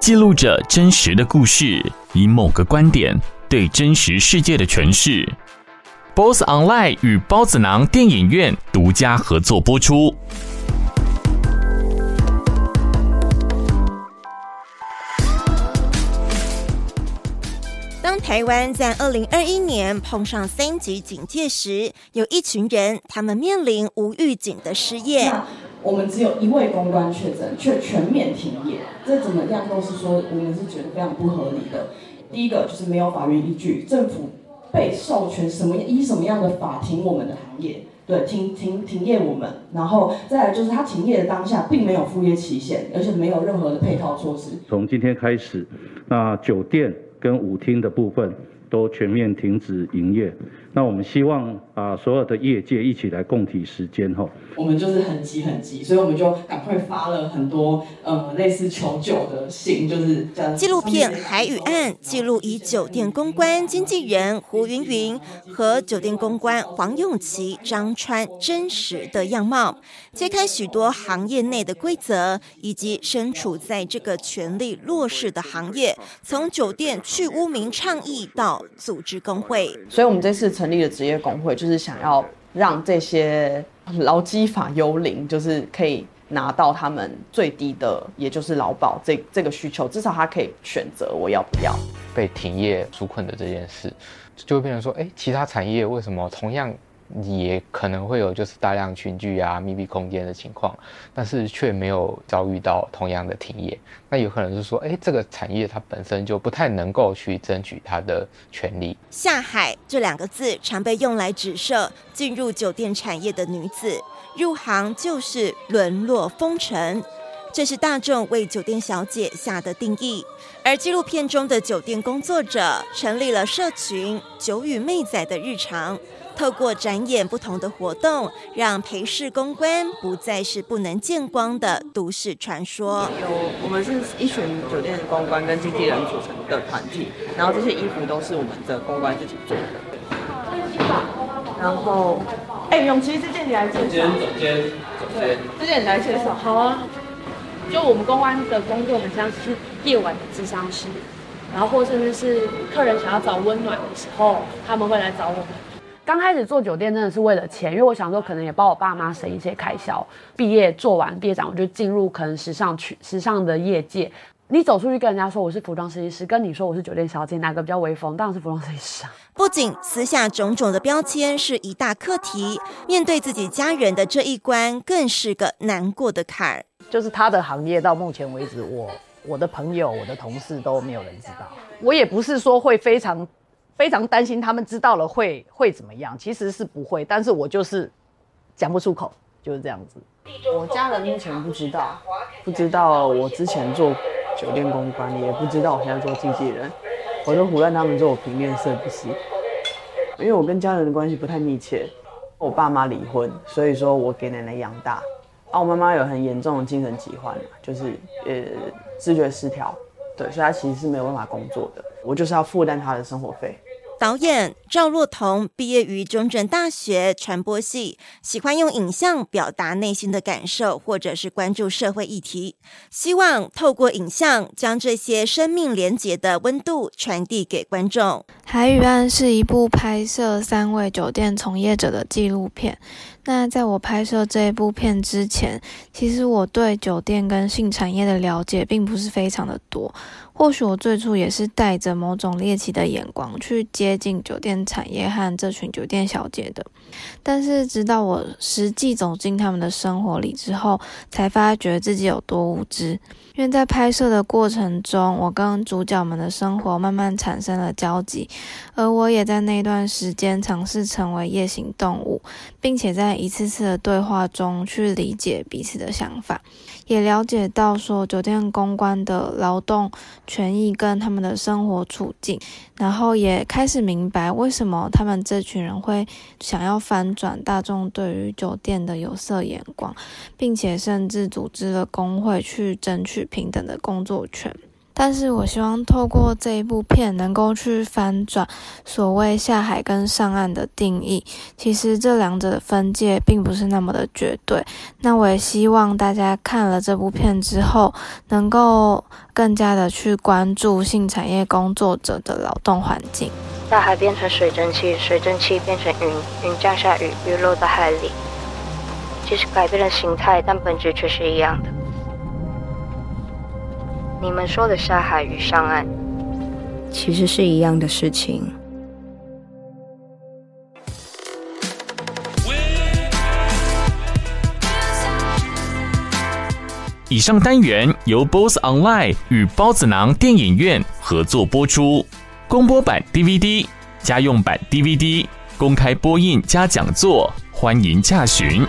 記錄着真實的故事，以某個觀點對真實世界的詮釋。BOSS Online 與包子囊電影院獨家合作播出。當台灣在二零二一年碰上三級警戒時，有一群人，他們面臨無預警的失業。 我們只有一位公關確診，卻全面停業，這怎麼樣都是說我們是覺得非常不合理的。第一個就是沒有法律依據，政府被授權什麼以什麼樣的法停我們的行業，對，停停停業我們。然後再來就是他停業的當下並沒有復業期限，而且沒有任何的配套措施。從今天開始，那酒店跟舞廳的部分都全面停止營業。那我們希望啊，所有的業界一起來共體時艱哈。我們就是很急很急，所以我們就趕快發了很多呃類似求救的信，就是紀錄片《海與岸》，記錄以酒店公關經紀人胡筠筠和酒店公關黃泳淇、張川真實的樣貌，揭開許多行業內的規則，以及身處在這個權力弱勢的行業，從酒店去污名倡議到組織工會。所以，我們這次。成立了職業工會，就是想要讓這些勞基法幽靈，就是可以拿到他們最低的，也就是勞保這這個需求，至少他可以選擇我要不要被停業紓困的這件事，就，就會變成說，哎、欸，其他產業為什麼同樣？也可能會有就是大量群聚啊、密閉空間的情況，但是卻沒有遭遇到同樣的停業。那有可能是說，哎、欸，這個產業它本身就不太能夠去爭取它的權利。下海這兩個字常被用來指射進入酒店產業的女子，入行就是淪落風塵。這是大眾為酒店小姐下的定義，而紀錄片中的酒店工作者成立了社群“酒與妹仔”的日常，透過展演不同的活動，讓陪侍公關不再是不能見光的都市傳說。有，我們是一群酒店公關跟經紀人組成的團體，然後這些衣服都是我們的公關自己做的。然後，哎，泳淇這件你來介紹。這件你來介紹。好啊。就我們公關的工作很像是夜晚的諮商師。然後或甚至是客人想要找溫暖的時候，他們會來找我們。剛開始做酒店真的是為了錢，因為我想說可能也幫我爸媽省一些開銷。畢業做完畢業展，我就進入可能時尚區、時尚的業界。你走出去跟人家說我是服裝設計師，跟你說我是酒店小姐，哪個比較威風？當然是服裝設計師啊！不僅私下種種的標籤是一大課題，面對自己家人的這一關更是個難過的坎。就是他的行業到目前為止，我、我的朋友、我的同事都沒有人知道。我也不是說會非常非常擔心他們知道了會會怎麼樣，其實是不會，但是我就是講不出口，就是這樣子。我家人目前不知道，不知道我之前做。酒店公關，你也不知道我現在做經紀人，我都胡亂，他們說我平面設計師。因為我跟家人的關係不太密切，我爸媽離婚，所以說我給奶奶養大。啊，我媽媽有很嚴重的精神疾患，就是呃思覺失調，對，所以她其實是沒有辦法工作的。我就是要負擔她的生活費。導演趙若彤畢業於中正大學傳播系，喜歡用影像表達內心的感受，或者是關注社會議題，希望透過影像將這些生命連結的溫度傳遞給觀眾。《海與岸》是一部拍攝三位酒店從業者的紀錄片。那在我拍攝這一部片之前，其實我對酒店跟性產業的了解並不是非常的多。或許我最初也是帶着某種獵奇的眼光去接近酒店產業和這群酒店小姐的，但是直到我實際走進他們的生活裡之後，才發覺自己有多無知。因為在拍攝的過程中，我跟主角們的生活慢慢產生了交集，而我也在那段時間嘗試成為夜行動物，並且在一次次的對話中去理解彼此的想法，也了解到說酒店公關的勞動權益跟他們的生活處境，然後也開始明白為什麼他們這群人會想要翻轉大眾對於酒店的有色眼光，並且甚至組織了工會去爭取平等的工作權。但是我希望透過這一部片，能夠去翻轉所謂下海跟上岸的定義。其實這兩者的分界並不是那麼的絕對。那我也希望大家看了這部片之後，能夠更加的去關注性產業工作者的勞動環境。大海變成水蒸氣，水蒸氣變成雲，雲降下雨，雨落在海裡。其實改變了形態，但本質卻是一樣的。你們說的下海與上岸，其實是一樣的事情。以上單元由 BOSS Online 與包子囊電影院合作播出，公播版 DVD、家用版 DVD 公開播映加講座，歡迎駕詢。